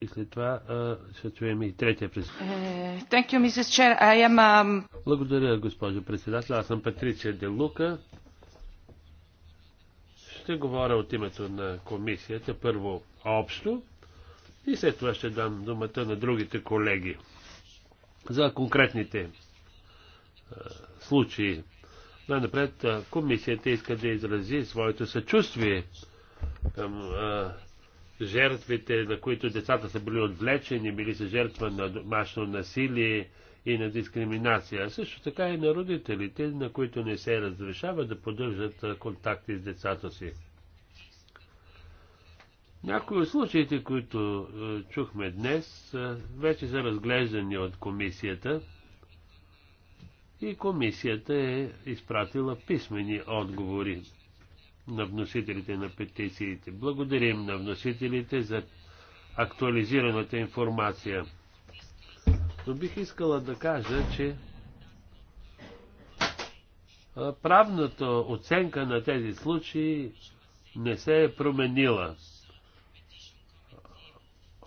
И след това ще чуем и третия председател. Um, Благодаря, госпожо председател. Аз съм Патриция Делука. Ще говоря от името на комисията първо общо и след това ще дам думата на другите колеги за конкретните случаи. Най-напред комисията иска да изрази своето съчувствие към а, жертвите, на които децата са били отвлечени, били са жертва на домашно насилие и на дискриминация, а също така и на родителите, на които не се разрешава да поддържат контакти с децата си. Някои от случаите, които чухме днес, вече са разглеждани от комисията и комисията е изпратила писмени отговори на вносителите на петициите. Благодарим на вносителите за актуализираната информация. Но бих искала да кажа, че правната оценка на тези случаи не се е променила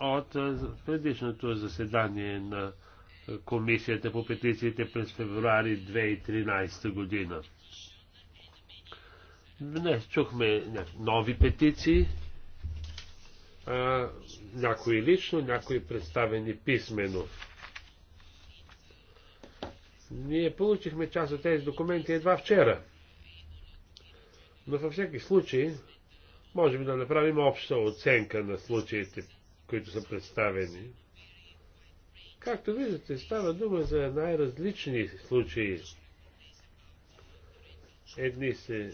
от предишното заседание на Комисията по петициите през февруари 2013 година. Днес чухме нови петиции, а, някои лично, някои представени писменно. Ние получихме част от тези документи едва вчера. Но във всеки случай можем да направим обща оценка на случаите, които са представени. Както виждате, става дума за най-различни случаи. Едни се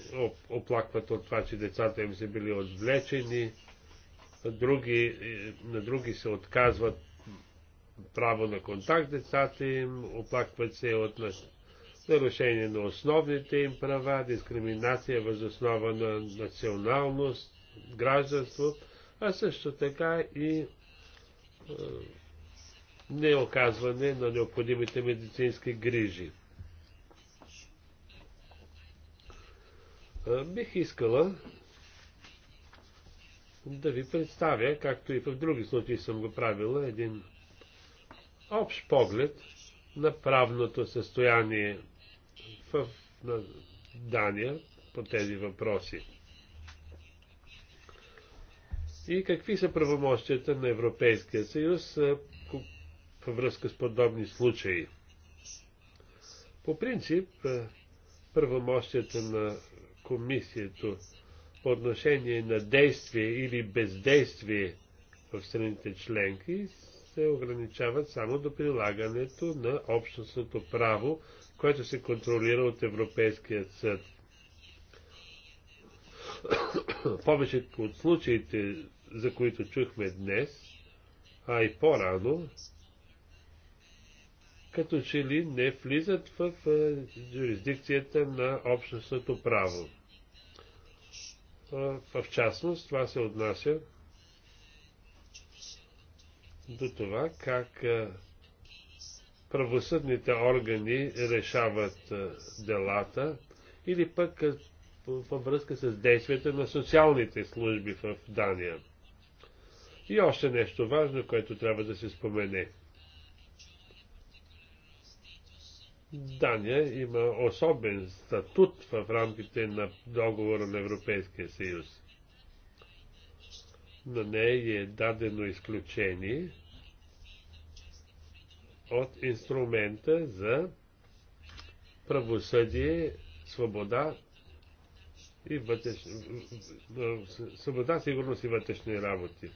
оплакват от това, че децата им са били отвлечени, други, е, на други се отказват право на контакт децата им, оплакват се от нарушение на основните им права, дискриминация възоснова на националност, гражданство, а също така и е, неоказване на необходимите медицински грижи. Бих искала да ви представя, както и в други случаи съм го правила, един общ поглед на правното състояние в на Дания по тези въпроси. И какви са правомощията на Европейския съюз във връзка с подобни случаи? По принцип, правомощията на комисията по отношение на действие или бездействие в страните членки се ограничават само до прилагането на общностното право, което се контролира от Европейския съд. Повечето от случаите, за които чухме днес, а и по-рано, като че ли не влизат в юрисдикцията на общностното право. В частност, това се отнася до това как правосъдните органи решават делата или пък във връзка с действията на социалните служби в Дания. И още нещо важно, което трябва да се спомене – Дания има особен статут в рамките на договора на Европейския съюз. На нея е дадено изключение от инструмента за правосъдие, свобода и вътрешни, свобода, сигурност и вътрешни работи.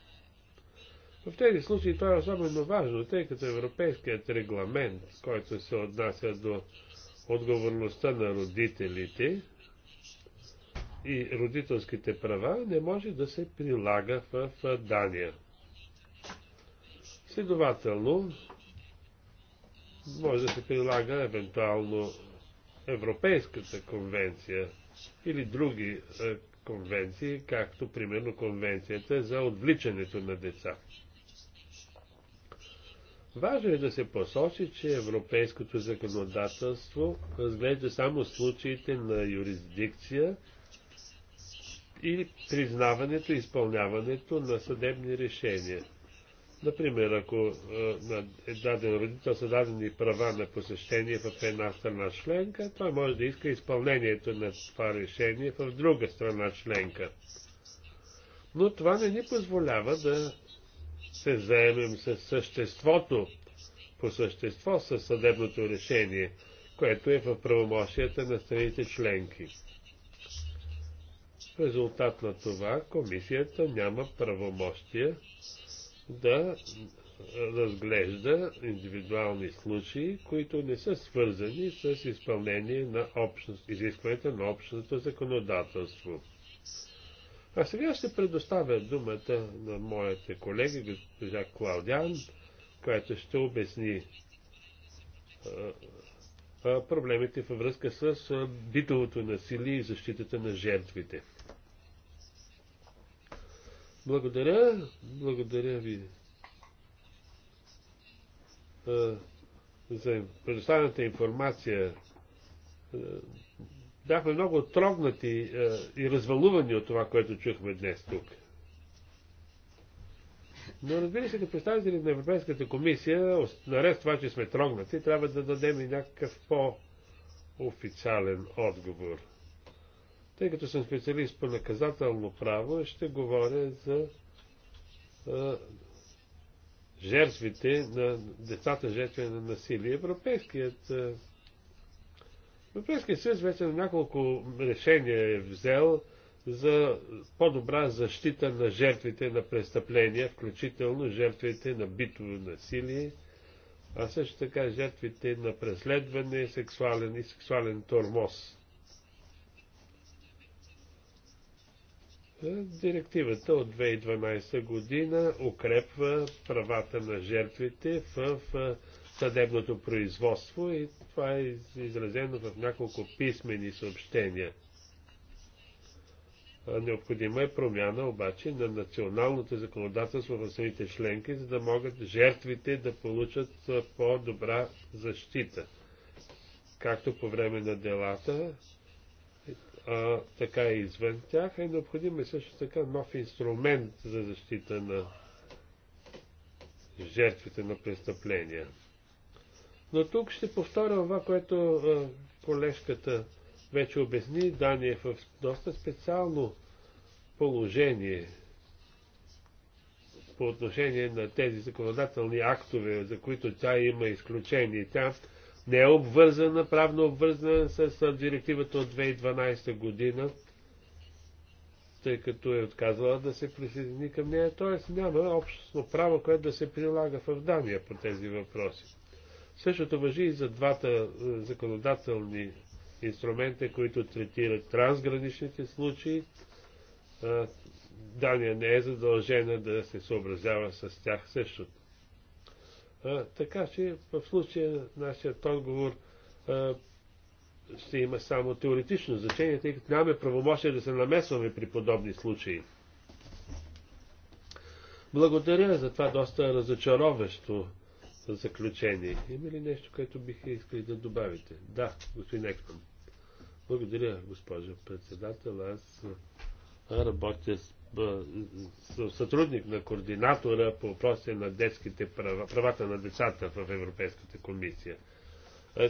В тези случаи това е особено важно, тъй като европейският регламент, който се отнася до отговорността на родителите и родителските права, не може да се прилага в Дания. Следователно, може да се прилага евентуално Европейската конвенция или други е, конвенции, както примерно конвенцията за отвличането на деца. Важно е да се посочи, че европейското законодателство разглежда само случаите на юрисдикция и признаването и изпълняването на съдебни решения. Например, ако е даден родител са дадени права на посещение в една страна членка, той може да иска изпълнението на това решение в друга страна членка. Но това не ни позволява да се заемем с съществото, по същество с съдебното решение, което е в правомощията на страните членки. В резултат на това комисията няма правомощия да разглежда индивидуални случаи, които не са свързани с изпълнение на изискването на общностното законодателство. А сега ще предоставя думата на моите колеги, госпожа Клаудиан, която ще обясни проблемите във връзка с битовото насилие и защитата на жертвите. Благодаря, благодаря ви за предоставената информация бяхме много трогнати е, и развалувани от това, което чухме днес тук. Но разбира се, като представители на Европейската комисия, наред с това, че сме трогнати, трябва да дадем и някакъв по-официален отговор. Тъй като съм специалист по наказателно право, ще говоря за е, жертвите на децата жертви на насилие. Европейският а, е, Европейския съюз вече на няколко решения е взел за по-добра защита на жертвите на престъпления, включително жертвите на битово насилие, а също така жертвите на преследване сексуален и сексуален тормоз. Директивата от 2012 година укрепва правата на жертвите в съдебното производство и това е изразено в няколко писмени съобщения. Необходима е промяна обаче на националното законодателство в самите членки, за да могат жертвите да получат по-добра защита, както по време на делата, а, така и извън тях. Е необходим е също така нов инструмент за защита на жертвите на престъпления. Но тук ще повторя това, което колежката вече обясни. Дания е в доста специално положение по отношение на тези законодателни актове, за които тя има изключение. Тя не е обвързана, правно обвързана с директивата от 2012 година, тъй като е отказала да се присъедини към нея, Тоест няма общностно право, което да се прилага в Дания по тези въпроси. Същото въжи и за двата е, законодателни инструмента, които третират трансграничните случаи. Е, Дания не е задължена да се съобразява с тях същото. Е, така че в случая нашият отговор ще има само теоретично значение, тъй като нямаме правомощие да се намесваме при подобни случаи. Благодаря за това доста разочароващо заключение. Има ли нещо, което бих искали да добавите? Да, господин Екман. Благодаря, госпожо председател. Аз работя с, с сътрудник на координатора по въпросите на детските права, правата на децата в Европейската комисия.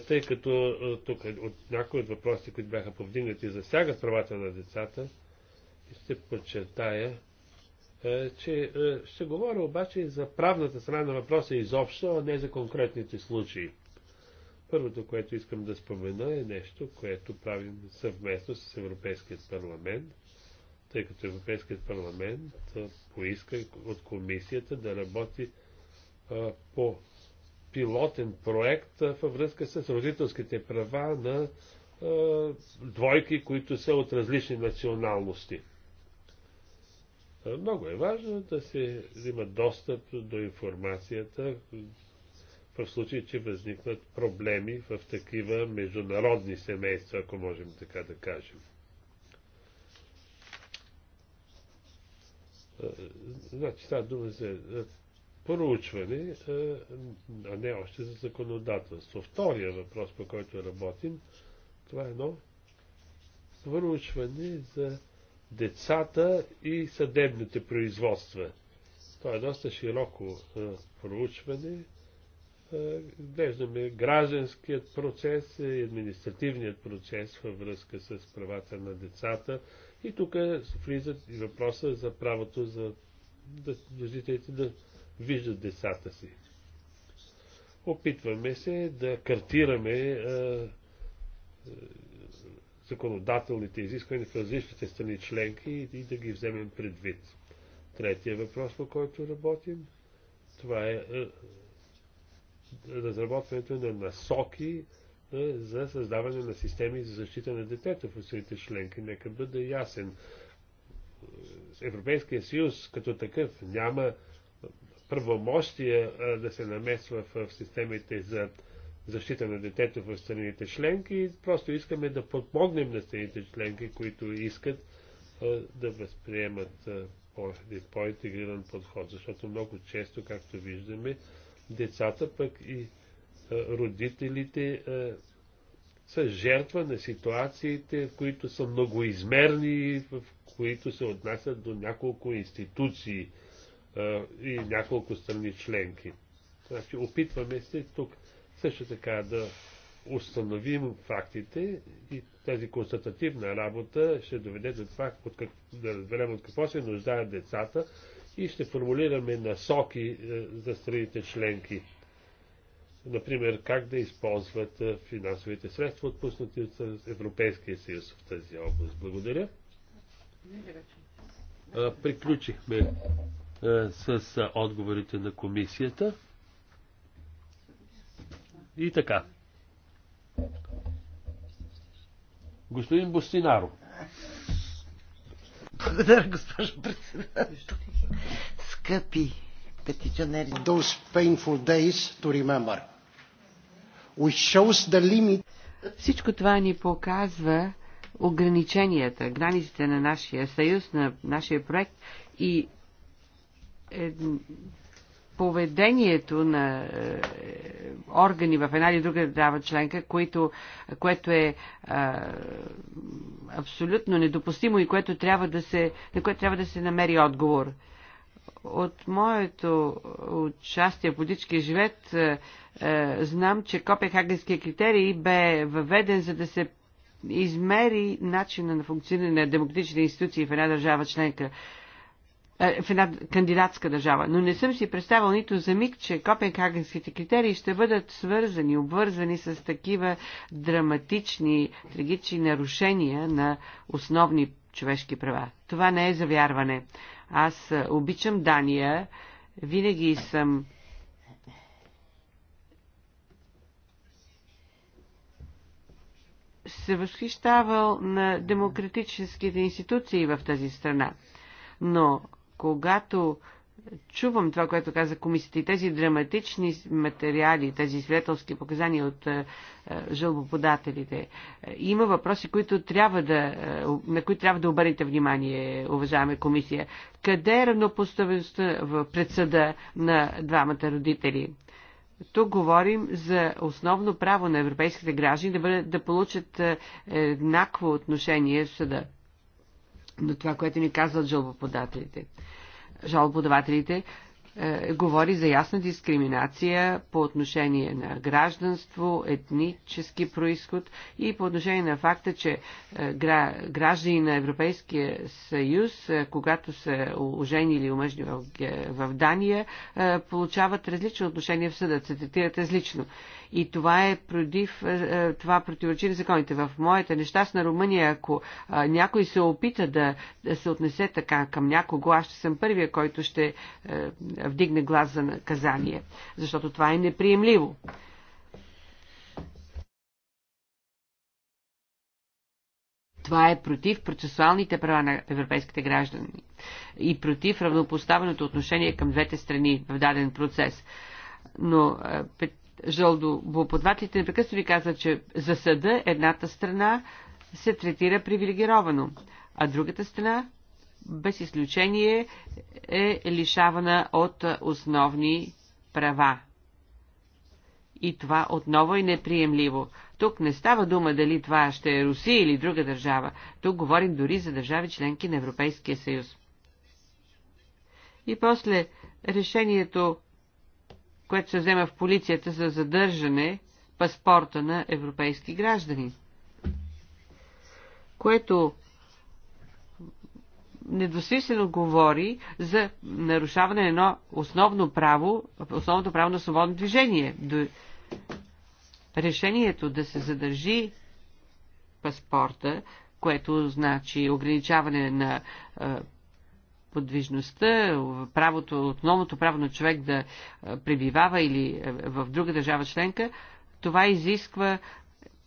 Тъй като тук е от някои от въпросите, които бяха повдигнати, засягат правата на децата, ще подчертая, е, че е, ще говоря обаче за правната страна на въпроса изобщо, а не за конкретните случаи. Първото, което искам да спомена е нещо, което правим съвместно с Европейският парламент, тъй като Европейският парламент поиска от комисията да работи по пилотен проект във връзка с родителските права на двойки, които са от различни националности. Е, много е важно да се има достъп до информацията в случай, че възникнат проблеми в такива международни семейства, ако можем така да кажем. Е, значи става дума за проучване, е, а не още за законодателство. Втория въпрос, по който работим, това е едно проучване за децата и съдебните производства. Това е доста широко а, проучване. Глеждаме гражданският процес и административният процес във връзка с правата на децата. И тук влизат и въпроса за правото за да, родителите да виждат децата си. Опитваме се да картираме а, законодателните изисквания в различните страни членки и, да ги вземем предвид. Третия въпрос, по който работим, това е, е разработването на насоки е, за създаване на системи за защита на детето в усилите членки. Нека бъде ясен. Европейския съюз като такъв няма правомощие да се намесва в системите за защита на детето в страните членки. Просто искаме да подмогнем на страните членки, които искат да възприемат по-интегриран подход, защото много често, както виждаме, децата пък и родителите са жертва на ситуациите, в които са многоизмерни, в които се отнасят до няколко институции и няколко страни членки. Значи опитваме се тук също така да установим фактите и тази констатативна работа ще доведе до това от как, да разберем от какво се нуждаят децата и ще формулираме насоки е, за страните членки. Например, как да използват е, финансовите средства, отпуснати от Европейския съюз в тази област. Благодаря. Е, приключихме с отговорите на комисията. И така. Господин Бостинаро. Благодаря, госпожо председател. Скъпи петиционери. Those painful days to remember. We shows the limit. Всичко това ни показва ограниченията, границите на нашия съюз, на нашия проект и поведението на е, органи в една или друга държава членка, което, което е е абсолютно недопустимо и което трябва да се, на което трябва да се намери отговор. От моето участие в политическия живет е, е знам, че Копенхагенския критерий бе въведен за да се измери начина на функциониране на демократични институции в една държава членка. Е, в една кандидатска държава. Но не съм си представил нито за миг, че копенхагенските критерии ще бъдат свързани, обвързани с такива драматични, трагични нарушения на основни човешки права. Това не е завярване. Аз е, обичам Дания, винаги съм се възхищавал на демократическите институции в тази страна. Но когато чувам това, което каза комисията и тези драматични материали, тези свидетелски показания от е, е жълбоподателите, е, има въпроси, които трябва да, е, на които трябва да обърнете внимание, уважаема комисия. Къде е равнопоставеността в предсъда на двамата родители? Тук говорим за основно право на европейските граждани да, бъде, да получат еднакво отношение в съда на това, което ни казват жалбоподателите. Жалбоподавателите е, говори за ясна дискриминация по отношение на гражданство, етнически происход и по отношение на факта, че е, граждани на Европейския съюз, е, когато са ожени или омъжни в, в Дания, е, получават различно отношение в съда, се третират различно. Е, и това е против, е, е, това противоречи на законите. В моята нещастна Румъния, ако някой се опита да, да се отнесе така към някого, аз ще съм първия, който ще е, вдигне глас за наказание, защото това е неприемливо. Това е против процесуалните права на европейските граждани и против равнопоставеното отношение към двете страни в даден процес. Но жълдобоподвателите непрекъснато ви казват, че за съда едната страна се третира привилегировано, а другата страна без изключение е лишавана от основни права. И това отново е неприемливо. Тук не става дума дали това ще е Русия или друга държава. Тук говорим дори за държави членки на Европейския съюз. И после решението което се взема в полицията за задържане паспорта на европейски граждани. Което недосмислено говори за нарушаване на едно основно право, основното право на свободно движение. До решението да се задържи паспорта, което значи ограничаване на е, подвижността, правото, основното право на човек да пребивава или в друга държава членка, това изисква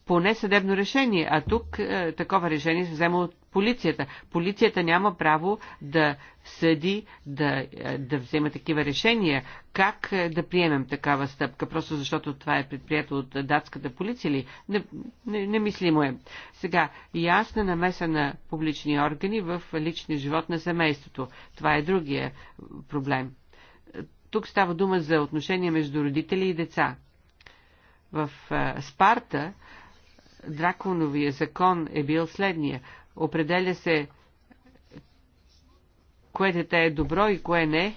поне съдебно решение, а тук е, такова решение се взема от полицията. Полицията няма право да съди, да, е, да взема такива решения. Как е, да приемем такава стъпка? Просто защото това е предприето от датската полиция ли? Не, не, немислимо е. Сега, ясна намеса на публични органи в личния живот на семейството. Това е другия проблем. Тук става дума за отношения между родители и деца. В е, Спарта драконовия закон е бил следния. Определя се кое дете е добро и кое не.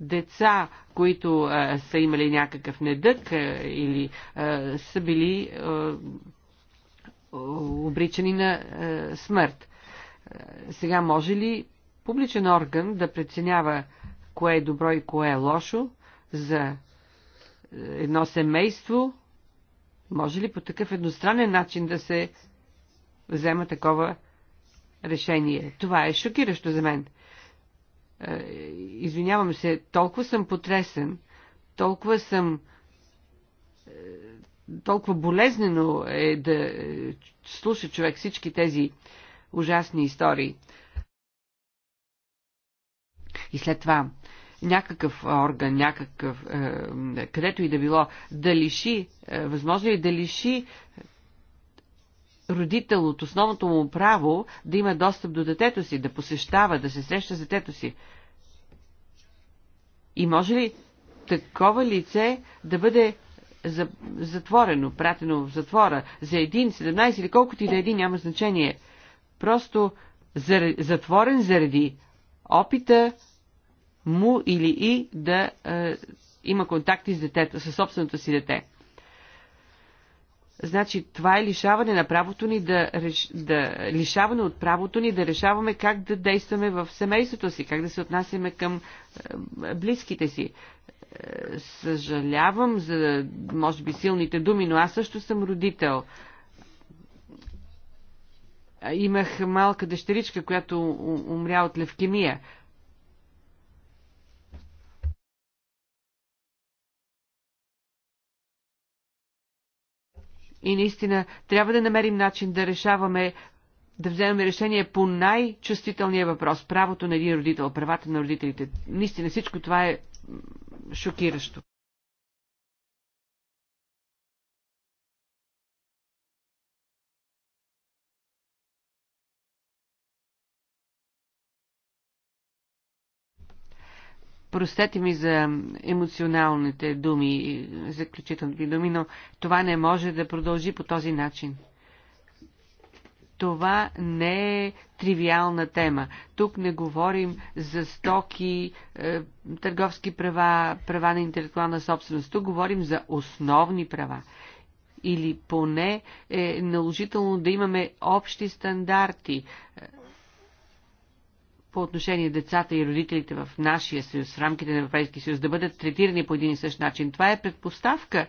Деца, които а, са имали някакъв недък а, или а, са били а, обричани на а, смърт. А, сега може ли публичен орган да преценява кое е добро и кое е лошо за едно семейство, може ли по такъв едностранен начин да се взема такова решение? Това е шокиращо за мен. Е, извинявам се, толкова съм потресен, толкова съм е, толкова болезнено е да е, слуша човек всички тези ужасни истории. И след това някакъв орган, някакъв, е, където и да било, да лиши, е, възможно ли да лиши родител от основното му право да има достъп до детето си, да посещава, да се среща с детето си. И може ли такова лице да бъде затворено, пратено в затвора за един, 17 или колкото и да е един, няма значение. Просто затворен заради опита му или и да е, има контакти с детето, със собственото си дете. Значи това е лишаване на правото ни да, реш... да лишаване от правото ни да решаваме как да действаме в семейството си, как да се отнасяме към е, близките си. Е, съжалявам за, може би, силните думи, но аз също съм родител имах малка дъщеричка, която умря от левкемия. И наистина трябва да намерим начин да решаваме, да вземем решение по най-чувствителния въпрос правото на един родител, правата на родителите. Наистина всичко това е шокиращо. Простете ми за емоционалните думи, заключителните думи, но това не може да продължи по този начин. Това не е тривиална тема. Тук не говорим за стоки, е, търговски права, права на интелектуална собственост. Тук говорим за основни права или поне е наложително да имаме общи стандарти по отношение децата и родителите в нашия съюз, в рамките на Европейския съюз, да бъдат третирани по един и същ начин. Това е предпоставка.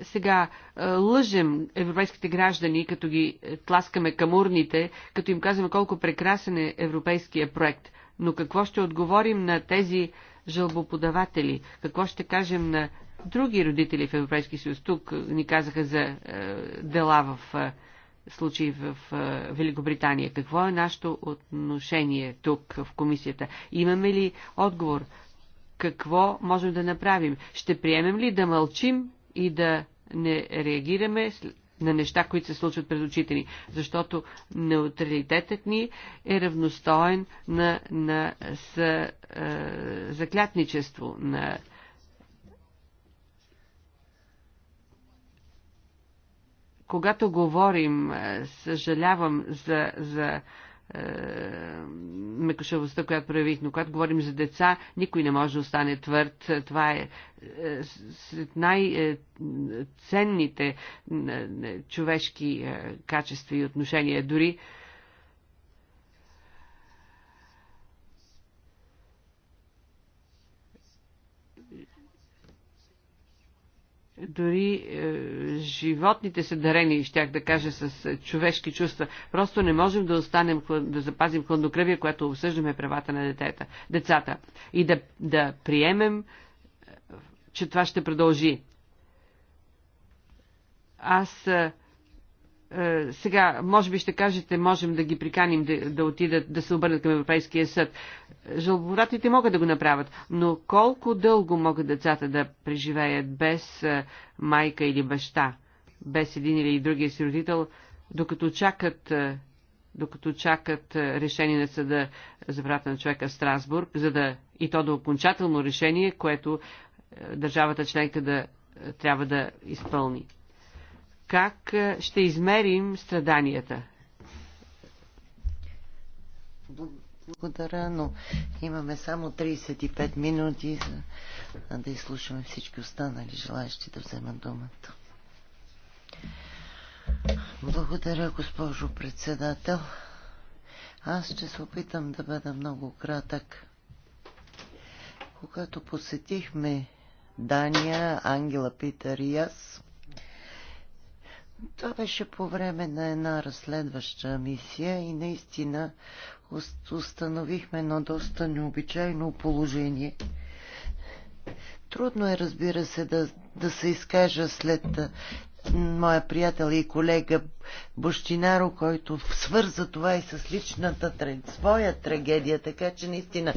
Сега е, лъжем европейските граждани, като ги е, тласкаме към урните, като им казваме колко прекрасен е европейския проект. Но какво ще отговорим на тези жълбоподаватели? Какво ще кажем на други родители в Европейския съюз? Тук ни казаха за е, дела в е, случаи в Великобритания. Какво е нашето отношение тук в комисията? Имаме ли отговор? Какво можем да направим? Ще приемем ли да мълчим и да не реагираме на неща, които се случват пред очите ни? Защото неутралитетът ни е равностоен на, на с, е, заклятничество, на Когато говорим, е, съжалявам за, за е, мекошавостта, която проявих, но когато говорим за деца, никой не може да остане твърд. Това е, е сред най-ценните човешки качества и отношения. Дори Дори е, животните са дарени, щях да кажа, с е, човешки чувства. Просто не можем да останем, да запазим хладнокръвие, което обсъждаме правата на детета, децата. И да, да приемем, е, че това ще продължи. Аз е, е, сега, може би ще кажете, можем да ги приканим да, да отидат, да се обърнат към Европейския съд. Жалборатите могат да го направят, но колко дълго могат децата да преживеят без е, майка или баща, без един или другия си родител, докато чакат е, докато чакат решение на съда за правата на човека в Страсбург, за да и то до окончателно решение, което държавата членка да трябва да изпълни. Как е, ще измерим страданията? Благодаря, но имаме само 35 минути за да изслушаме всички останали желаящи да вземат думата. Благодаря, госпожо председател. Аз ще се опитам да бъда много кратък. Когато посетихме Дания, Ангела Питър и аз, това беше по време на една разследваща мисия и наистина установихме едно доста необичайно положение. Трудно е, разбира се, да, да се изкажа след моя приятел и колега Бощинаро, който свърза това и с личната своя трагедия, така че наистина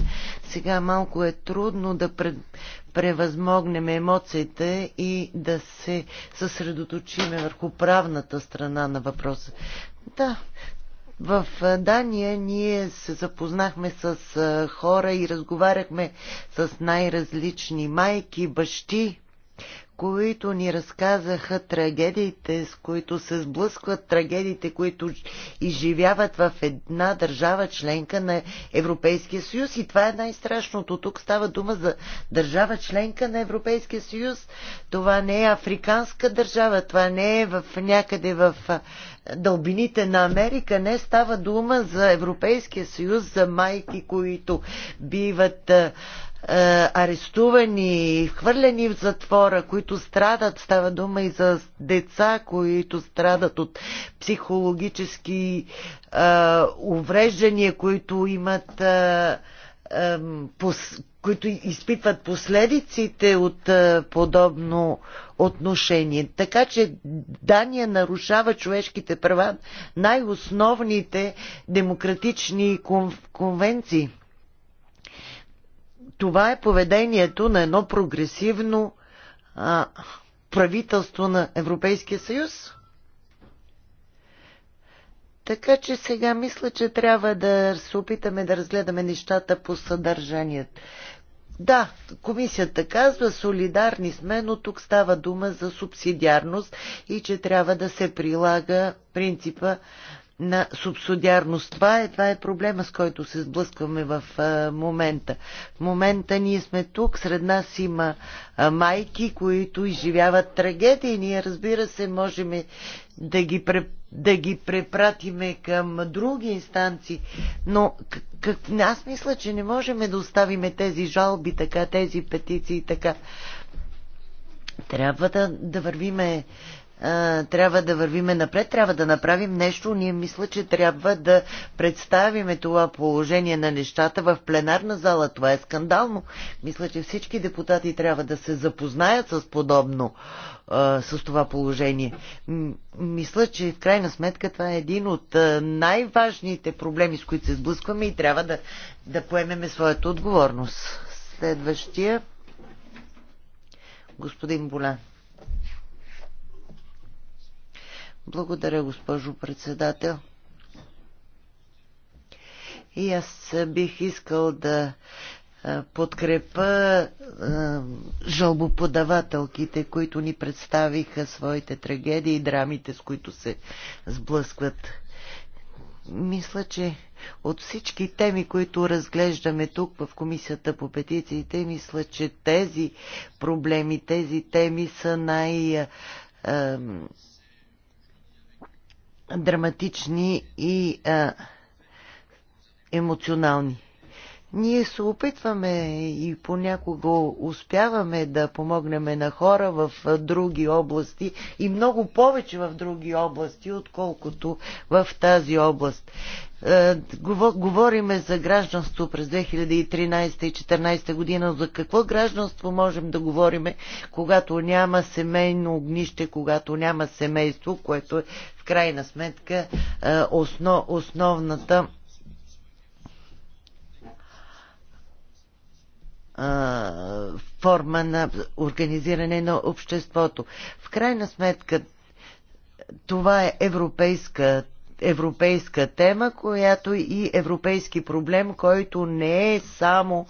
сега малко е трудно да пред, превъзмогнем емоциите и да се съсредоточиме върху правната страна на въпроса. Да, в Дания ние се запознахме с хора и разговаряхме с най-различни майки, бащи, които ни разказаха трагедиите, с които се сблъскват трагедиите, които изживяват в една държава членка на Европейския съюз. И това е най-страшното. Тук става дума за държава членка на Европейския съюз. Това не е африканска държава, това не е в някъде в дълбините на Америка. Не става дума за Европейския съюз, за майки, които биват е, арестувани, хвърлени в затвора, които страдат. Става дума и за деца, които страдат от психологически е, увреждания, които имат. Е, които изпитват последиците от подобно отношение. Така че Дания нарушава човешките права, най-основните демократични конвенции това е поведението на едно прогресивно а, правителство на Европейския съюз. Така че сега мисля, че трябва да се опитаме да разгледаме нещата по съдържанието. Да, комисията казва, солидарни сме, но тук става дума за субсидиарност и че трябва да се прилага принципа на субсидиарност. Това е, това е проблема, с който се сблъскваме в а, момента. В момента ние сме тук, сред нас има а, майки, които изживяват трагедии. Ние, разбира се, можем да ги, да ги препратиме към други инстанции, но как, аз мисля, че не можем да оставим тези жалби така, тези петиции така. Трябва да, да вървиме трябва да вървиме напред, трябва да направим нещо. Ние мисля, че трябва да представиме това положение на нещата в пленарна зала. Това е скандално. Мисля, че всички депутати трябва да се запознаят с подобно, с това положение. Мисля, че в крайна сметка това е един от най-важните проблеми, с които се сблъскваме и трябва да, да поемеме своята отговорност. Следващия. Господин Болян. Благодаря, госпожо председател. И аз бих искал да подкрепа жалбоподавателките, които ни представиха своите трагедии и драмите, с които се сблъскват. Мисля, че от всички теми, които разглеждаме тук в Комисията по петициите, мисля, че тези проблеми, тези теми са най- драматични и а, емоционални. Ние се опитваме и понякога успяваме да помогнем на хора в други области и много повече в други области, отколкото в тази област. Говориме за гражданство през 2013 и 2014 година. За какво гражданство можем да говориме, когато няма семейно огнище, когато няма семейство, което е в крайна сметка основ, основната а, форма на организиране на обществото. В крайна сметка, това е европейска европейска тема, която и европейски проблем, който не е само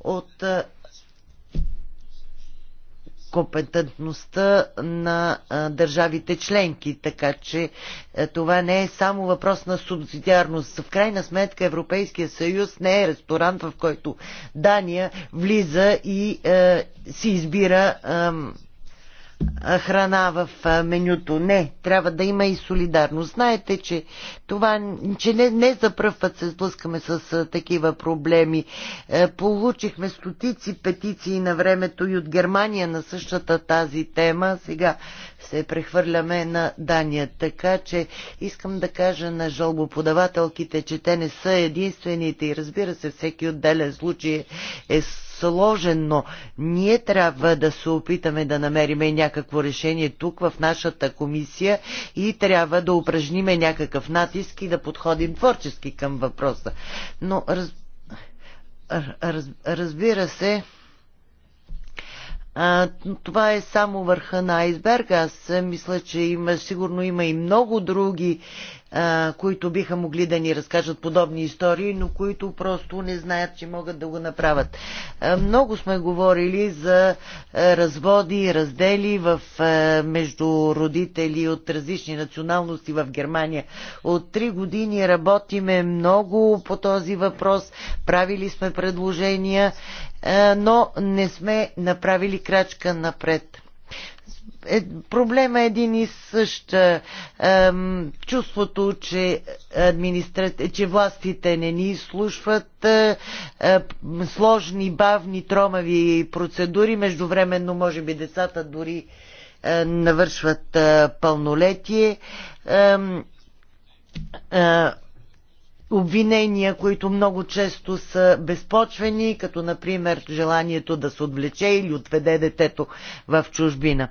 от компетентността на държавите членки, така че е, това не е само въпрос на субсидиарност. В крайна сметка Европейския съюз не е ресторант, в който Дания влиза и е, си избира е, храна в менюто. Не, трябва да има и солидарност. Знаете, че, това, че не, не за пръв път се сблъскаме с такива проблеми. Е, получихме стотици петиции на времето и от Германия на същата тази тема. Сега се прехвърляме на Дания. Така че искам да кажа на жалбоподавателките, че те не са единствените и разбира се, всеки отделен случай е сложен, но ние трябва да се опитаме да намериме някакво решение тук в нашата комисия и трябва да упражниме някакъв натиск и да подходим творчески към въпроса. Но раз, раз, разбира се, а, това е само върха на айсберга. Аз мисля, че има, сигурно има и много други които биха могли да ни разкажат подобни истории, но които просто не знаят, че могат да го направят. Много сме говорили за разводи и раздели в, между родители от различни националности в Германия. От три години работиме много по този въпрос, правили сме предложения, но не сме направили крачка напред е, проблема е един и същ. Е, чувството, че, администра... че властите не ни изслушват, е, е, сложни, бавни, тромави процедури, междувременно, може би, децата дори е, навършват е, пълнолетие. Е, е, обвинения, които много често са безпочвени, като например желанието да се отвлече или отведе детето в чужбина.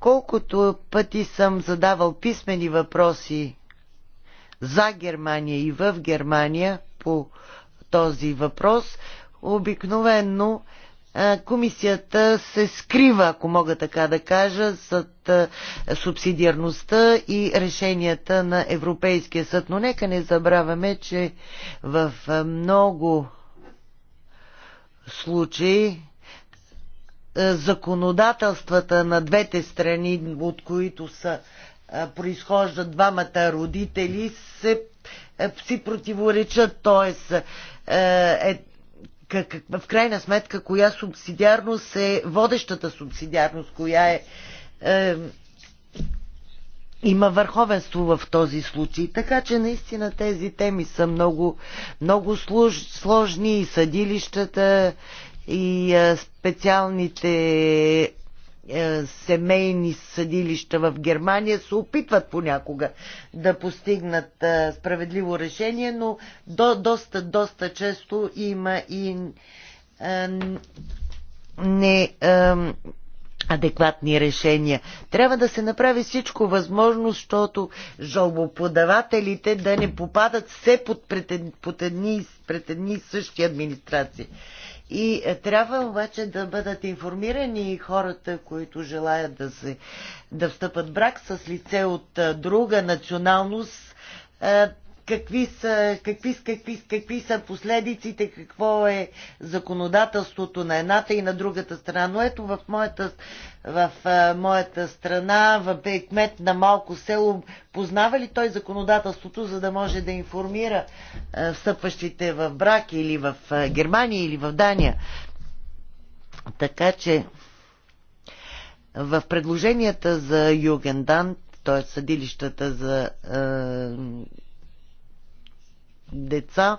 Колкото пъти съм задавал писмени въпроси за Германия и в Германия по този въпрос, обикновенно комисията се скрива, ако мога така да кажа, зад субсидиарността и решенията на Европейския съд. Но нека не забравяме, че в много случаи е, законодателствата на двете страни, от които са е, произхождат двамата родители, се, е, си противоречат. Тоест, е, как, в крайна сметка, коя субсидиарност е водещата субсидиарност, коя е, е има върховенство в този случай. Така че наистина тези теми са много, много сложни и съдилищата и специалните семейни съдилища в Германия се опитват понякога да постигнат справедливо решение, но до, доста, доста често има и не адекватни решения. Трябва да се направи всичко възможно, защото жалбоподавателите да не попадат все под, пред, под едни, пред едни същи администрации. И е, трябва обаче да бъдат информирани хората, които желаят да, се, да встъпат брак с лице от е, друга националност, е, какви са, какви, какви, какви са последиците, какво е законодателството на едната и на другата страна. Но ето в моята, в моята страна, в е кмет на малко село, познава ли той законодателството, за да може да информира встъпващите в брак или в Германия или в Дания? Така че в предложенията за Югендан, т.е. съдилищата за деца.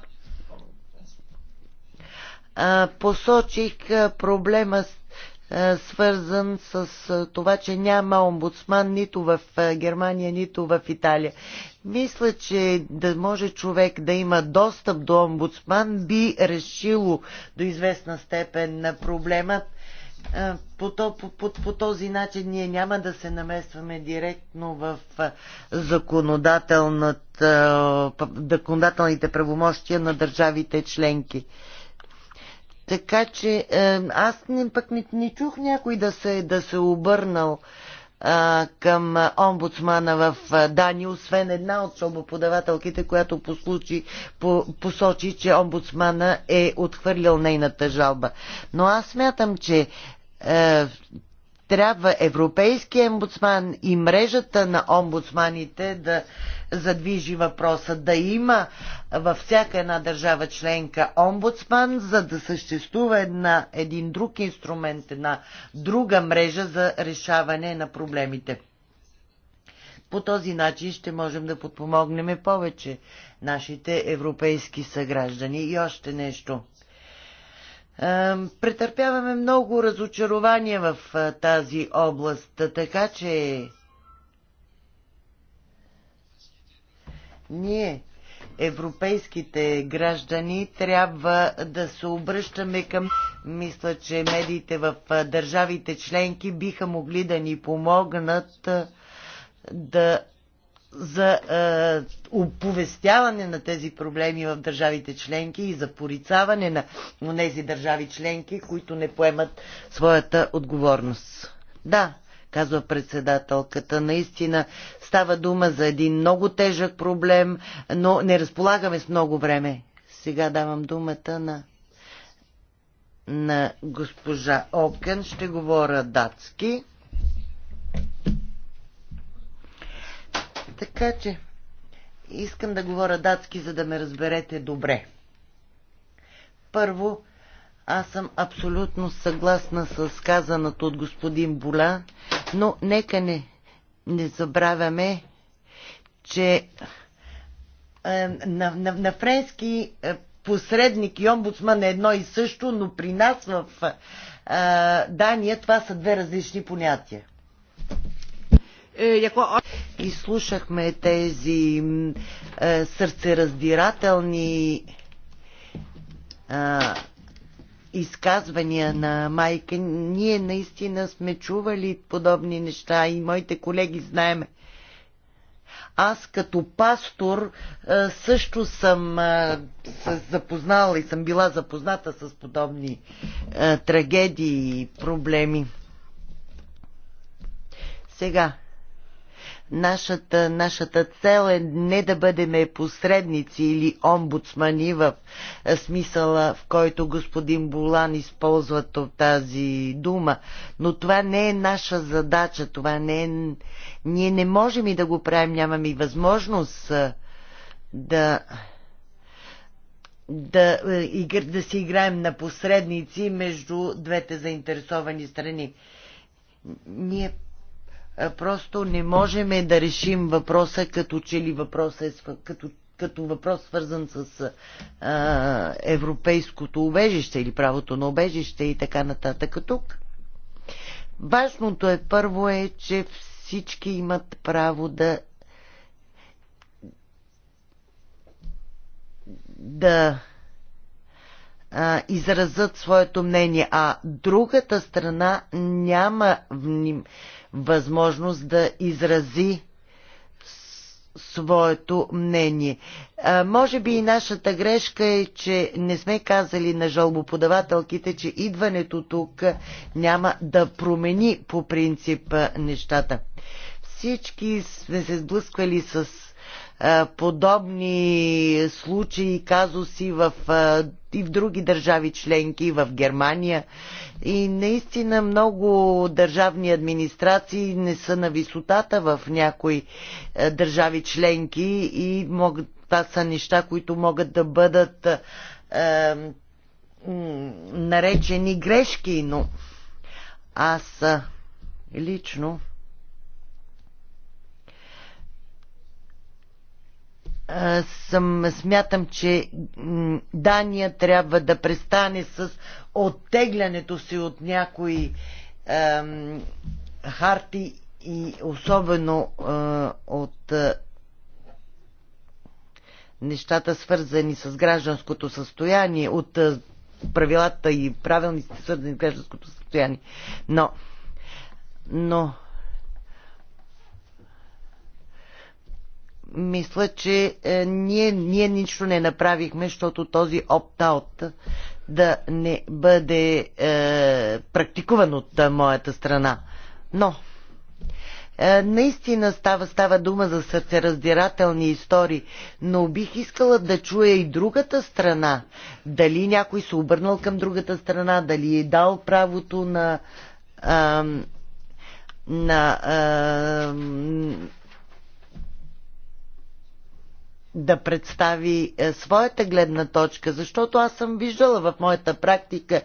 Посочих проблема свързан с това, че няма омбудсман нито в Германия, нито в Италия. Мисля, че да може човек да има достъп до омбудсман би решило до известна степен на проблемът по, то, по, по, по този начин ние няма да се намесваме директно в законодателните правомощия на държавите членки. Така че аз пък не, не чух някой да се, да се обърнал а, към омбудсмана в Дания, освен една от шобоподавателките, която послучи, по, посочи, че омбудсмана е отхвърлил нейната жалба. Но аз смятам, че а, е, трябва Европейския омбудсман и мрежата на омбудсманите да задвижи въпроса да има във всяка една държава членка омбудсман, за да съществува една, един друг инструмент, една друга мрежа за решаване на проблемите. По този начин ще можем да подпомогнем повече нашите европейски съграждани. И още нещо. Претърпяваме много разочарования в тази област, така че Ние, европейските граждани, трябва да се обръщаме към... Мисля, че медиите в държавите членки биха могли да ни помогнат да за оповестяване на тези проблеми в държавите членки и за порицаване на тези държави членки, които не поемат своята отговорност. Да, казва председателката. Наистина става дума за един много тежък проблем, но не разполагаме с много време. Сега давам думата на, на госпожа Окен. Ще говоря датски. Така че искам да говоря датски, за да ме разберете добре. Първо, аз съм абсолютно съгласна с казаното от господин Боля но нека не, не забравяме, че е, на, на, на френски е, посредник и омбудсман е едно и също, но при нас в а, е, Дания това са две различни понятия. И слушахме тези а, сърцераздирателни а, изказвания на майка. Ние наистина сме чували подобни неща и моите колеги знаеме. Аз като пастор е, също съм е, запознала и съм била запозната с подобни е, трагедии и проблеми. Сега, Нашата, нашата цел е не да бъдеме посредници или омбудсмани в смисъла, в който господин Болан използва тази дума. Но това не е наша задача, това не е... Ние не можем и да го правим, нямаме и възможност да да, да си играем на посредници между двете заинтересовани страни. Ние е, просто не можем да решим въпроса като че ли въпроса е като, като въпрос свързан с а, европейското убежище или правото на убежище и така нататък. Тук важното е първо е, че всички имат право да да а, изразят своето мнение, а другата страна няма вним, възможност да изрази своето мнение. А, може би и нашата грешка е, че не сме казали на жалбоподавателките, че идването тук няма да промени по принцип нещата. Всички сме се сблъсквали с е, подобни случаи, казуси в, е, и в други държави членки, в Германия. И наистина много държавни администрации не са на висотата в някои е, държави членки и могат, това са неща, които могат да бъдат е, наречени грешки, но аз лично съм, смятам, че Дания трябва да престане с оттеглянето си от някои е, харти и особено е, от е, нещата свързани с гражданското състояние, от е, правилата и правилниците свързани с гражданското състояние. Но, но мисля, че е, ние, ние нищо не направихме, защото този опт-аут да не бъде е, практикуван от е, моята страна. Но е, наистина става, става дума за сърцераздирателни истории, но бих искала да чуя и другата страна. Дали някой се обърнал към другата страна, дали е дал правото на. Е, на е, да представи е, своята гледна точка, защото аз съм виждала в моята практика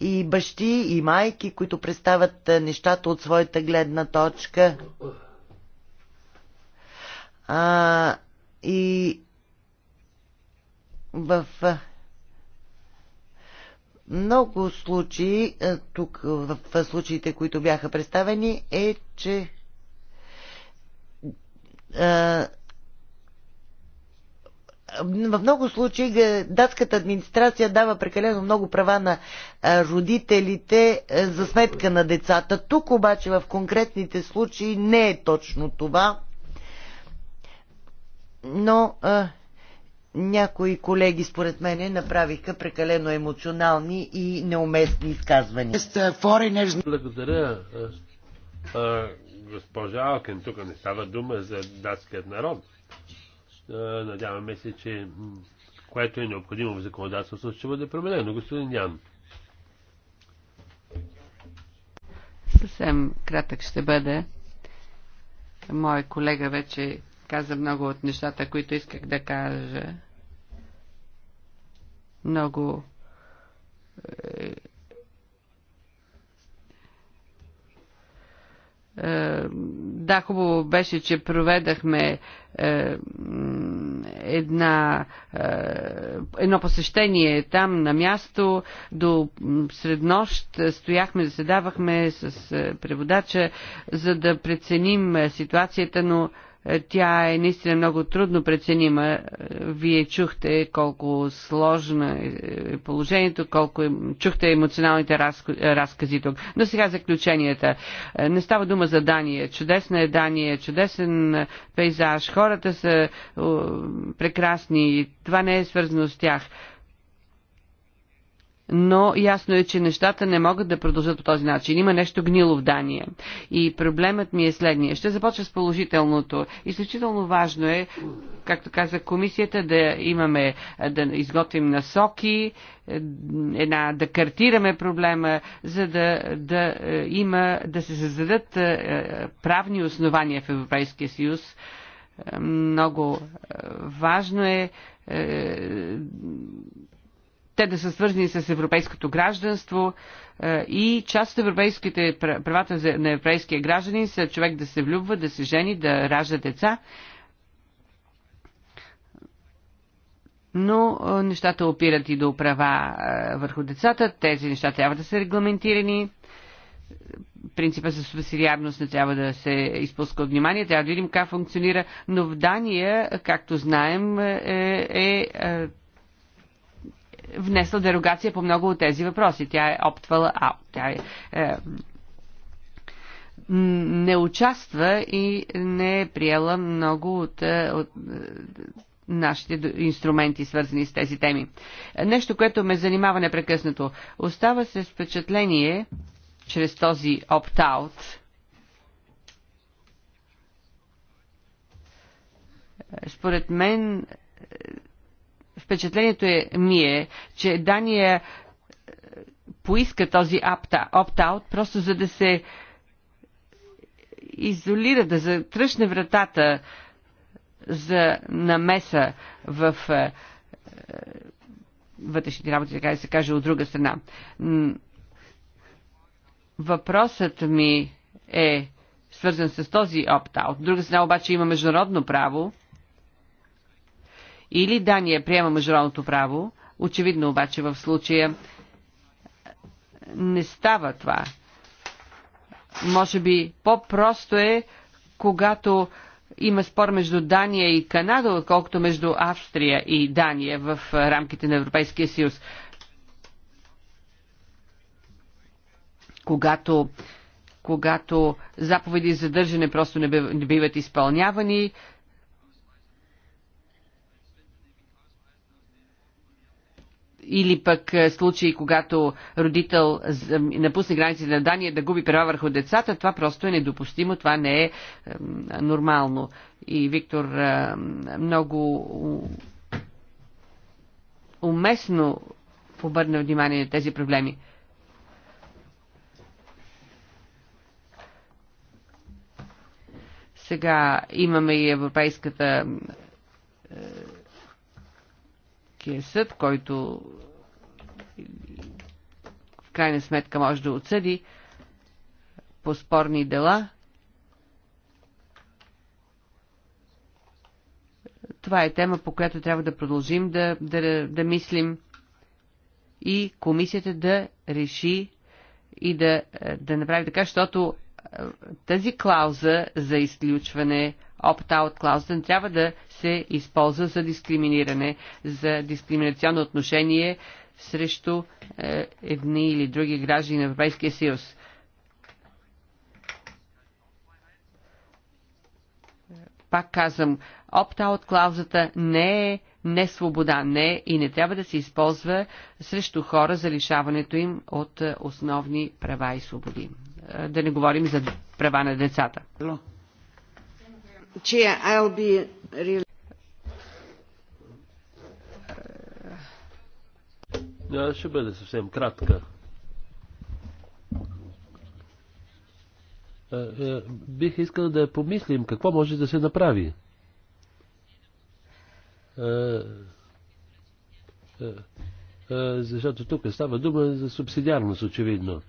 и бащи, и майки, които представят е, нещата от своята гледна точка. А, и в е, много случаи, тук в случаите, които бяха представени, е, че а, в много случаи датската администрация дава прекалено много права на родителите за сметка на децата. Тук обаче в конкретните случаи не е точно това. Но а, някои колеги, според мен, направиха прекалено емоционални и неуместни изказвания. Благодаря, госпожа Алкен. Тук не става дума за датският народ. Е, надяваме се, че което е необходимо в законодателството, ще бъде променено. Господин Ян. Съвсем кратък ще бъде. Мой колега вече каза много от нещата, които исках да кажа. Много е, е, да, хубаво беше, че проведахме е, една, е, едно посещение там на място. До среднощ стояхме, заседавахме с е, преводача, за да преценим ситуацията, но е, тя е наистина много трудно преценима. Е, вие чухте колко сложно е, е положението, колко е, чухте емоционалните разкази тук. Но сега заключенията. Не става дума за Дания. Чудесна е Дания, чудесен пейзаж. Хората са прекрасни. Това не е свързано с тях но ясно е, че нещата не могат да продължат по този начин. Има нещо гнило в Дания. И проблемът ми е следния. Ще започна с положителното. Изключително важно е, както каза комисията, да имаме, да изготвим насоки, една, да картираме проблема, за да, да е, има, да се създадат е, правни основания в Европейския съюз. Е, много важно е те да са свързани с европейското гражданство е, и част от европейските правата на европейския гражданин са човек да се влюбва, да се жени, да ражда деца. но е, нещата опират и до права е, върху децата. Тези неща трябва да са регламентирани. Принципа за субсидиарност не трябва да се изпуска от внимание. Трябва да видим как функционира. Но в Дания, както знаем, е, е внесла дерогация по много от тези въпроси. Тя е оптвала аут. Тя е, е, не участва и не е приела много от, е, от е, нашите инструменти, свързани с тези теми. Нещо, което ме занимава непрекъснато. Остава се впечатление, чрез този опт-аут, според мен впечатлението е, ми е, че Дания е, поиска този опт-аут, просто за да се изолира, да затръщне вратата за намеса в е, е, вътрешните работи, така да се каже, от друга страна. Въпросът ми е свързан с този опт-аут. От друга страна обаче има международно право, или Дания приема международното право, очевидно обаче в случая не става това. Може би по-просто е, когато има спор между Дания и Канада, отколкото между Австрия и Дания в рамките на Европейския съюз. Когато, когато заповеди за държане просто не биват изпълнявани, или пък е, случаи, когато родител напусне границите на Дания да губи права върху децата, това просто е недопустимо, това не е нормално. И Виктор е, много уместно обърна внимание на тези проблеми. Сега имаме и Европейската е, Европейския съд, който в крайна сметка може да отсъди по спорни дела. Това е тема, по която трябва да продължим да, да, да мислим и комисията да реши и да, да направи така, защото тази клауза за изключване опт-аут клаузата не трябва да се използва за дискриминиране, за дискриминационно отношение срещу е, едни или други граждани на Европейския съюз. Пак казвам, опт-аут клаузата не е не свобода, не и не трябва да се използва срещу хора за лишаването им от е, основни права и свободи. Е, да не говорим за права на децата. Ще бъде съвсем кратка. Е, е, бих искал да помислим какво може да се направи. Е, защото тук става дума за субсидиарност, очевидно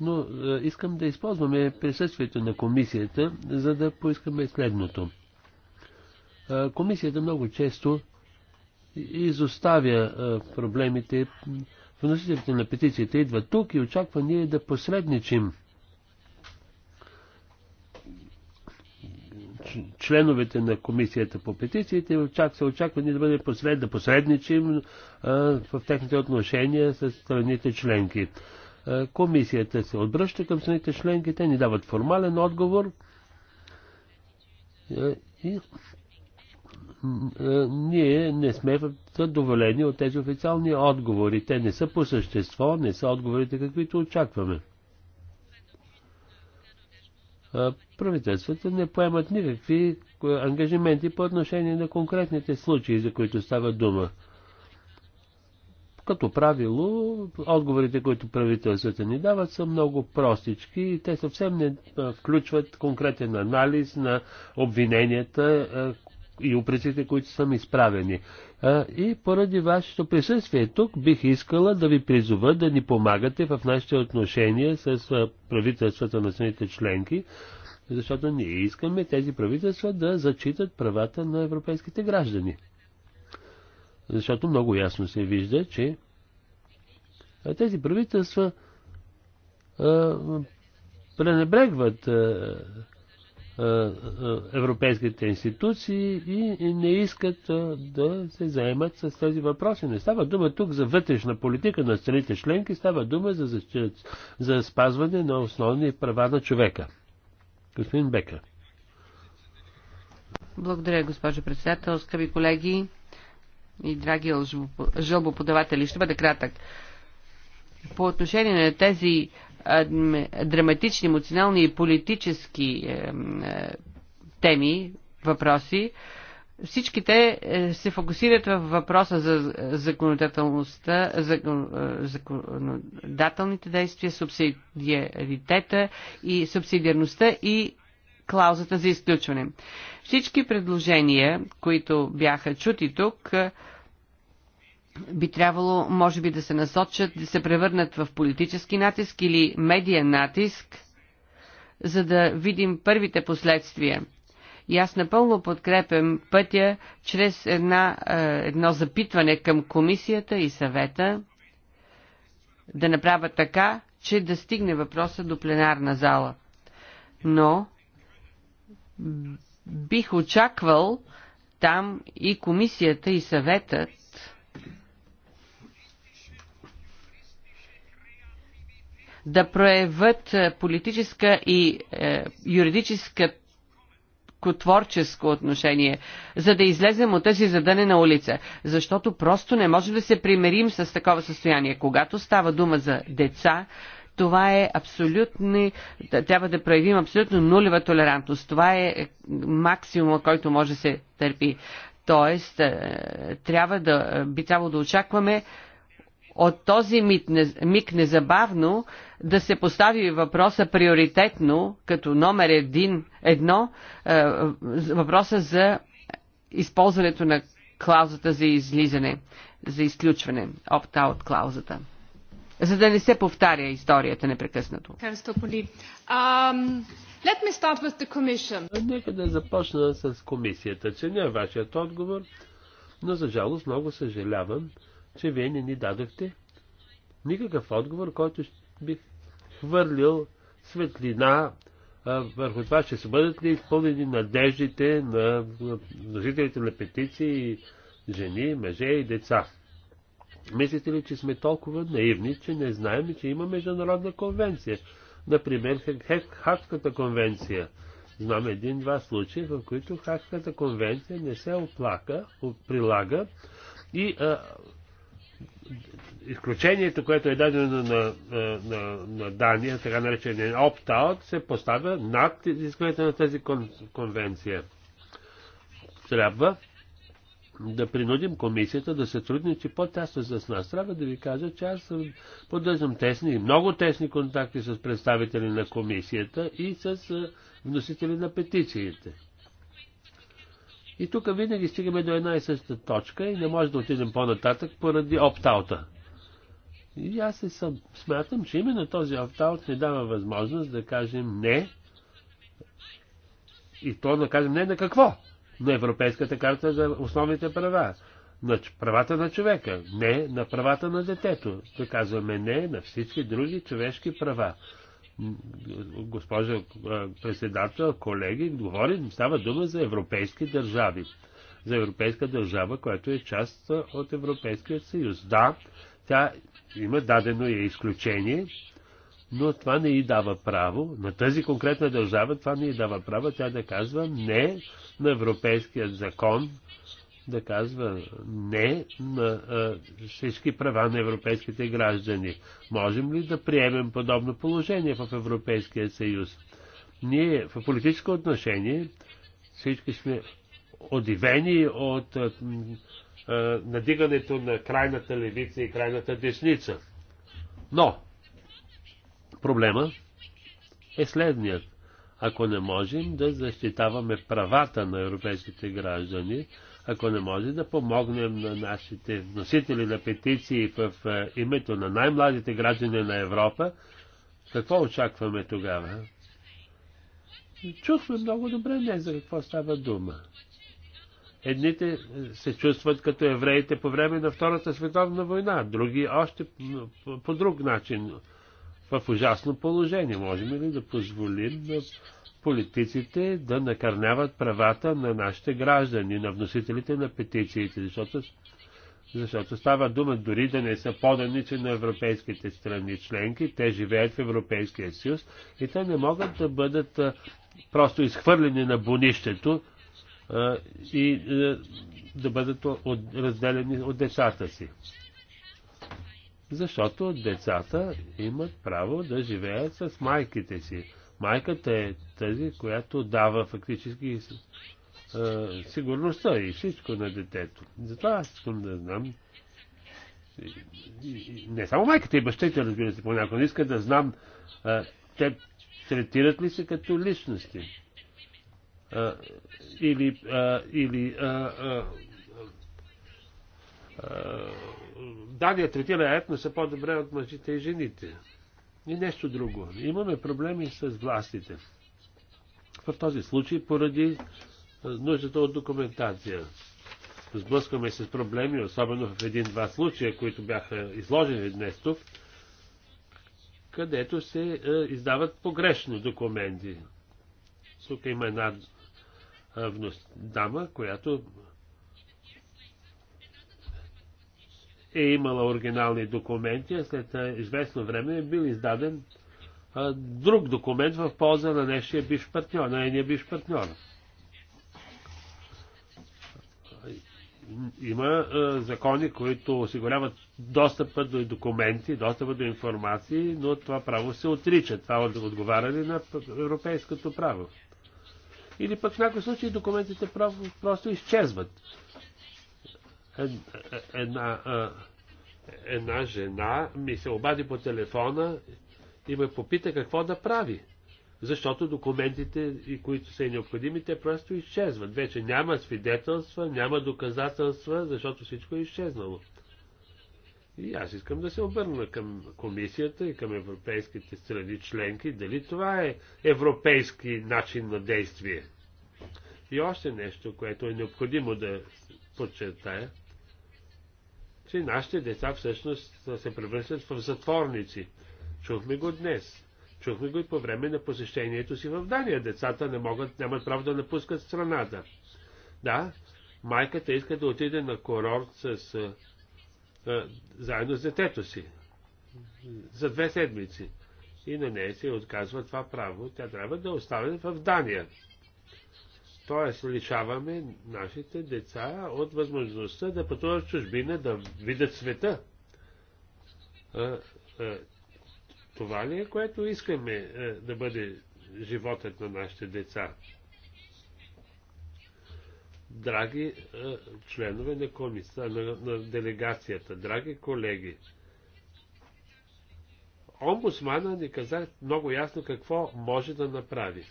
но е, искам да използваме присъствието на комисията, за да поискаме следното. Е, комисията много често изоставя е, проблемите. Вносителите на петициите идват тук и очаква ние да посредничим членовете на комисията по петициите Очаква, се очаква ние да бъде посред, да посредничим а, в техните отношения с страните членки. Е, комисията се отбръща към страните членки, те ни дават формален отговор. Е, и е, ние не сме задоволени от тези официални отговори. Те не са по същество, не са отговорите, каквито очакваме. Правителствата не поемат никакви ангажименти по отношение на конкретните случаи, за които става дума. Като правило, отговорите, които правителствата ни дават, са много простички и те съвсем не включват конкретен анализ на обвиненията и упреците, които са изправени. И поради вашето присъствие тук бих искала да ви призова да ни помагате в нашите отношения с правителствата на самите членки, защото ние искаме тези правителства да зачитат правата на европейските граждани. Защото много ясно се вижда, че тези правителства пренебрегват европейските институции и, не искат да се заемат с тези въпроси. Не става дума тук за вътрешна политика на страните членки, става дума за, за спазване на основни права на човека. Господин Бека. Благодаря, госпожо председател. Скъпи колеги, и драги жълбоподаватели. Ще бъда кратък. По отношение на тези драматични, емоционални и политически е, е, теми, въпроси, всичките е, се фокусират в въпроса за законодателността, законодателните действия, субсидиаритета и субсидиарността и клаузата за изключване. Всички предложения, които бяха чути тук, би трябвало, може би, да се насочат, да се превърнат в политически натиск или медиен натиск, за да видим първите последствия. И аз напълно подкрепям пътя чрез една, е, едно запитване към комисията и съвета да направя така, че да стигне въпроса до пленарна зала. Но бих очаквал там и комисията и съветът да проявят политическа и е, юридическа творческо отношение, за да излезем от тази задънена улица, защото просто не може да се примерим с такова състояние. Когато става дума за деца, това е абсолютно, трябва да проявим абсолютно нулева толерантност. Това е, е максимума, който може да се търпи. Тоест, е, трябва да, е, би трябвало да очакваме от този миг незабавно да се постави въпроса приоритетно, като номер един, едно, въпроса за използването на клаузата за излизане, за изключване, опт-аут клаузата за да не се повтаря историята непрекъснато. Нека да започна с комисията. Ценя е вашият отговор, но за жалост много съжалявам, че вие не ни дадохте никакъв отговор, който бих хвърлил светлина върху това, ще се бъдат ли изпълнени надеждите на, на, на жителите на петиции, жени, мъже и деца. Мислите ли, че сме толкова наивни, че не знаем, че има международна конвенция? Например, Хакската конвенция. Знам един-два случаи, в които Хакската конвенция не се оплака, прилага и а, изключението, което е дадено на, на, на, на Дания, така наречения опт-аут, се поставя над изискването на тази кон, конвенция. Трябва да принудим комисията да се че по-тясно с нас. Трябва да ви кажа, че аз поддържам тесни, много тесни контакти с представители на комисията и с вносители на петициите. И тук винаги стигаме до една и съща точка и не може да отидем по-нататък поради оптаута. И аз се съм, смятам, че именно този оптаут ни дава възможност да кажем не. И то да кажем не на какво? на Европейската карта за основните права, на правата на човека, не на правата на детето. Да казваме не на всички други човешки права. Госпожа председател, колеги, говорим, става дума за европейски държави. За европейска държава, която е част от Европейския съюз. Да, тя има дадено и изключение, но това не й дава право, на тази конкретна държава това не й дава право, тя да казва не на европейският закон, да казва не на а, всички права на европейските граждани. Можем ли да приемем подобно положение в Европейския съюз? Ние в политическо отношение всички сме удивени от а, а, надигането на крайната левица и крайната десница. Но проблема е следният. Ако не можем да защитаваме правата на европейските граждани, ако не можем да помогнем на нашите носители на петиции в е, името на най-младите граждани на Европа, какво очакваме тогава? Чухме много добре не за какво става дума. Едните е, се чувстват като евреите по време на Втората световна война, други още по друг начин в ужасно положение. Можем ли да позволим на политиците да накърняват правата на нашите граждани, на вносителите на петициите, защото, защото става дума дори да не са поданици на европейските страни членки, те живеят в Европейския съюз и те не могат да бъдат просто изхвърлени на бонището и да бъдат разделени от децата си. Защото децата имат право да живеят с майките си. Майката е тази, която дава фактически е, сигурността и всичко на детето. Затова аз искам да знам. Не само майката и бащите, разбира се, понякога искат да знам е, те третират ли се като личности. Е, или Е, или е, е, Дания третира етноса по-добре от мъжите и жените. И нещо друго. Имаме проблеми с властите. В този случай поради нуждата от документация. Сблъскаме се с проблеми, особено в един-два случая, които бяха изложени днес тук, където се издават погрешно документи. Тук има една дама, която е имала оригинални документи, а след е, известно време е бил издаден а, друг документ в полза на нещия бивш партньор, на едния бивш партньор. Има а, закони, които осигуряват достъпа до документи, достъпа до информации, но това право се отрича. Това отговаря ли на европейското право? Или пък в някои случаи документите просто изчезват. Е- една, една жена ми се обади по телефона и ме попита какво да прави. Защото документите, които са и необходими, те просто изчезват. Вече няма свидетелства, няма доказателства, защото всичко е изчезнало. И аз искам да се обърна към комисията и към европейските страни членки, дали това е европейски начин на действие. И още нещо, което е необходимо да подчертая че нашите деца всъщност се превръщат в затворници. Чухме го днес. Чухме го и по време на посещението си в Дания. Децата не могат, нямат право да напускат страната. Да, майката иска да отиде на курорт с, а, а, заедно с детето си. За две седмици. И на нея се отказва това право. Тя трябва да остане в Дания. Тоест, лишаваме нашите деца от възможността да пътуват в чужбина, да видят света. А, а, това ли е, което искаме а, да бъде животът на нашите деца? Драги а, членове на, комисията, на, на делегацията, драги колеги, омбусмана ни каза много ясно какво може да направи.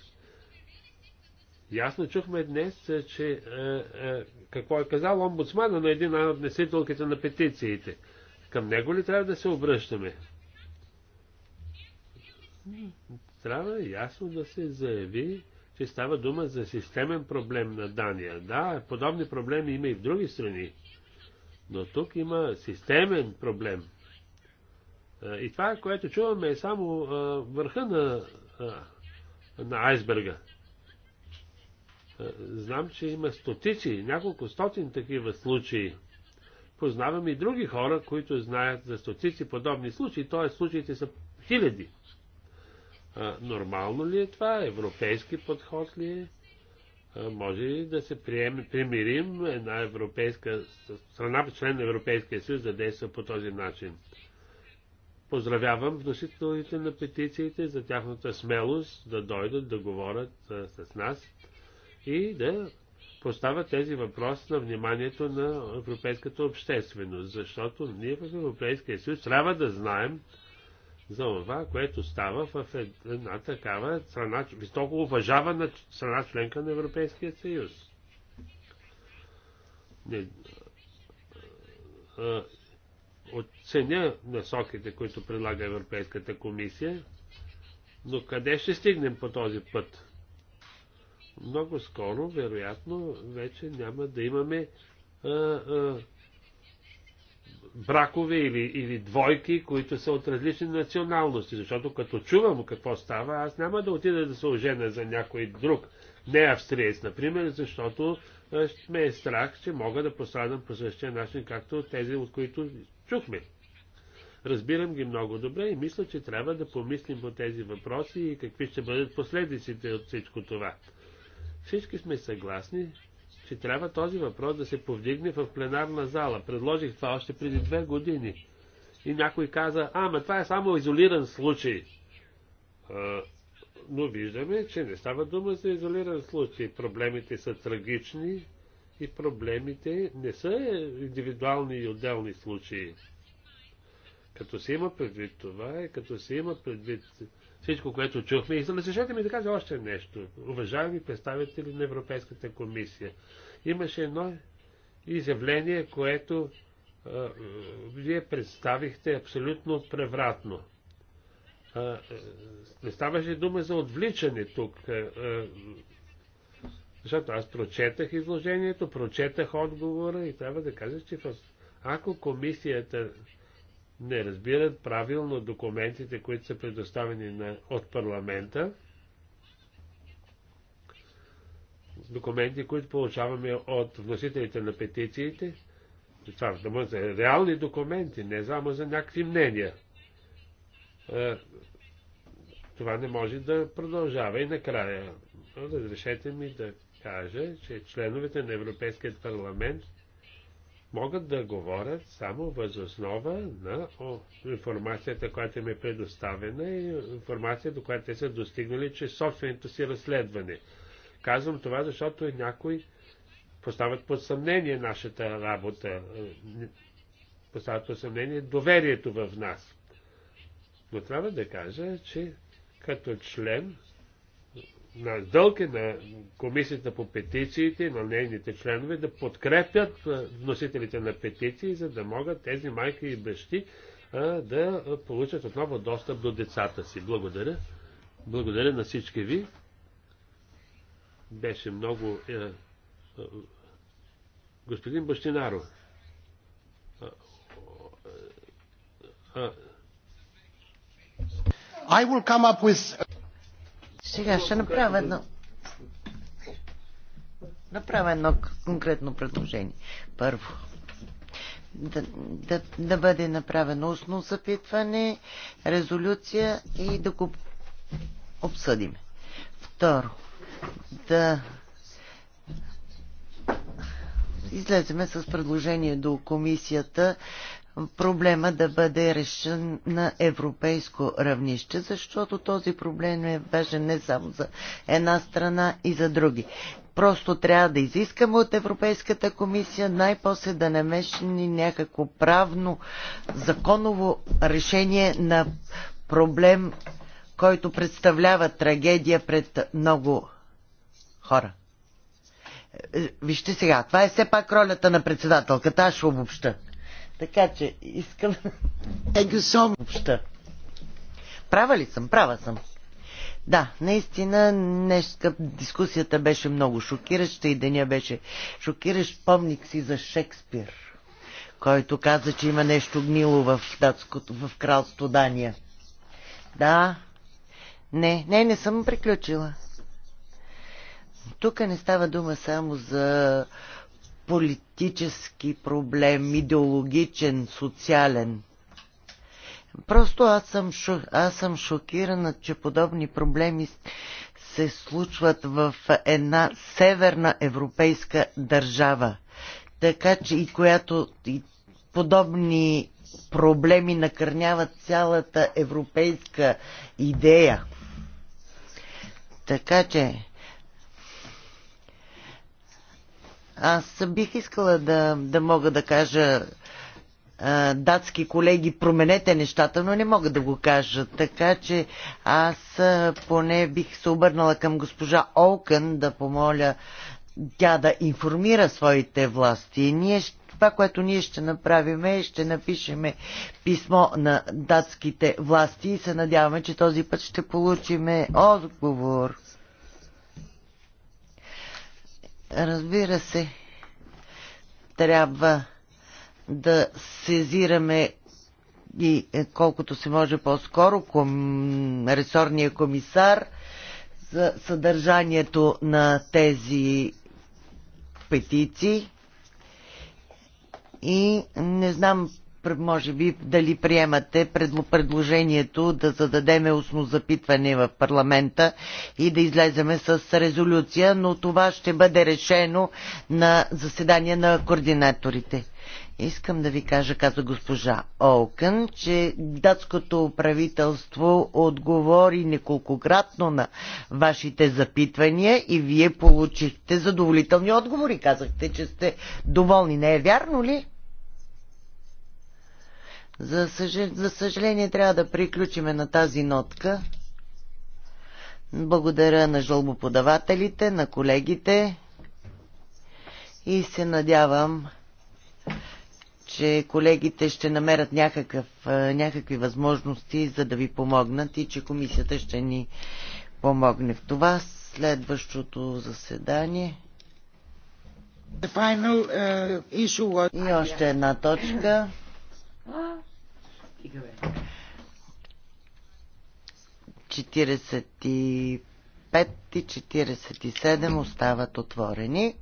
Ясно чухме днес, е, че е, е, какво е казал омбудсмана на един от внесителките на петициите. Към него ли трябва да се обръщаме? Трябва ясно да се заяви, че става дума за системен проблем на Дания. Да, подобни проблеми има и в други страни, но тук има системен проблем. Е, и това, което чуваме, е само е, върха на, на айсберга. Е, знам, че има стотици, няколко стотин такива случаи. Познавам и други хора, които знаят за стотици подобни случаи, т.е. случаите са хиляди. А, е, нормално ли е това? Европейски подход ли е? А, е, може ли да се прием, примирим една европейска страна, член на Европейския съюз, да действа по този начин? Поздравявам вносителите на петициите за тяхната смелост да дойдат да говорят а, с нас и да поставят тези въпроси на вниманието на европейската общественост, защото ние в Европейския съюз трябва да знаем за това, което става в една такава страна, високо уважавана страна членка на Европейския съюз. Не, а, оценя насоките, които предлага Европейската комисия, но къде ще стигнем по този път? много скоро, вероятно, вече няма да имаме а, а, бракове или, или двойки, които са от различни националности. Защото като чувам какво става, аз няма да отида да се ожена за някой друг, не австриец, например, защото а, ме е страх, че мога да пострадам по същия начин, както тези, от които чухме. Разбирам ги много добре и мисля, че трябва да помислим по тези въпроси и какви ще бъдат последиците от всичко това. Всички сме съгласни, че трябва този въпрос да се повдигне в пленарна зала. Предложих това още преди две години. И някой каза, ама това е само изолиран случай. А, но виждаме, че не става дума за изолиран случай. Проблемите са трагични и проблемите не са индивидуални и отделни случаи. Като се има предвид това и като се има предвид всичко, което чухме. И разрешете ми да кажа още нещо. Уважаеми представители на Европейската комисия, имаше едно изявление, което а, вие представихте абсолютно превратно. А, е, не ставаше дума за отвличане тук. А, защото аз прочетах изложението, прочетах отговора и трябва да кажа, че ако комисията не разбират правилно документите, които са предоставени на, от парламента, документи, които получаваме от вносителите на петициите, това дума за реални документи, не само за някакви мнения. Това не може да продължава и накрая. Разрешете ми да кажа, че членовете на Европейският парламент могат да говорят само възоснова на информацията, която им е предоставена и информация, до която те са достигнали, че собственото си разследване. Казвам това, защото някои поставят под съмнение нашата работа, е, поставят под съмнение доверието в нас. Но трябва да кажа, че като член на дълки на комисията по петициите, на нейните членове да подкрепят вносителите на петиции, за да могат тези майки и бащи а, да получат отново достъп до децата си. Благодаря. Благодаря на всички ви. Беше много. Е, е, господин Бащинаро. I will come up with сега ще направя едно... Направя едно конкретно предложение. Първо, да, да, да бъде направено устно запитване, резолюция и да го обсъдим. Второ, да излеземе с предложение до комисията проблема да бъде решен на европейско равнище, защото този проблем е важен не само за една страна и за други. Просто трябва да изискаме от Европейската комисия най-после да намешни някакво правно, законово решение на проблем, който представлява трагедия пред много хора. Е, вижте сега, това е все пак ролята на председателката, аз ще обобща. Така че искам... Обща. Права ли съм? Права съм. Да, наистина днеска дискусията беше много шокираща и деня беше шокиращ. Помник си за Шекспир, който каза, че има нещо гнило в, датското, в кралство Дания. Да, не, не, не съм приключила. Тук не става дума само за полит политически проблем, идеологичен, социален. Просто аз съм, шо, аз съм шокирана, че подобни проблеми се случват в една северна европейска държава. Така че и която и подобни проблеми накърняват цялата европейска идея. Така че Аз бих искала да, да мога да кажа а, датски колеги, променете нещата, но не мога да го кажа. Така че аз а, поне бих се обърнала към госпожа Олкън да помоля тя да информира своите власти. Ние, това, което ние ще направим е, ще напишеме писмо на датските власти и се надяваме, че този път ще получиме отговор. Разбира се, трябва да сезираме и е, колкото се може по-скоро ком... ресорния комисар за съдържанието на тези петиции. И не знам може би дали приемате предложението да зададеме устно запитване в парламента и да излеземе с резолюция, но това ще бъде решено на заседание на координаторите. Искам да ви кажа, каза госпожа Олкън, че датското правителство отговори неколкократно на вашите запитвания и вие получихте задоволителни отговори. Казахте, че сте доволни. Не е вярно ли? За, съжал... За съжаление трябва да приключиме на тази нотка. Благодаря на жалбоподавателите, на колегите и се надявам, че колегите ще намерят някакъв, някакви възможности за да ви помогнат и че комисията ще ни помогне в това следващото заседание. Final, uh, was... И още една точка. 45 и 47 остават отворени.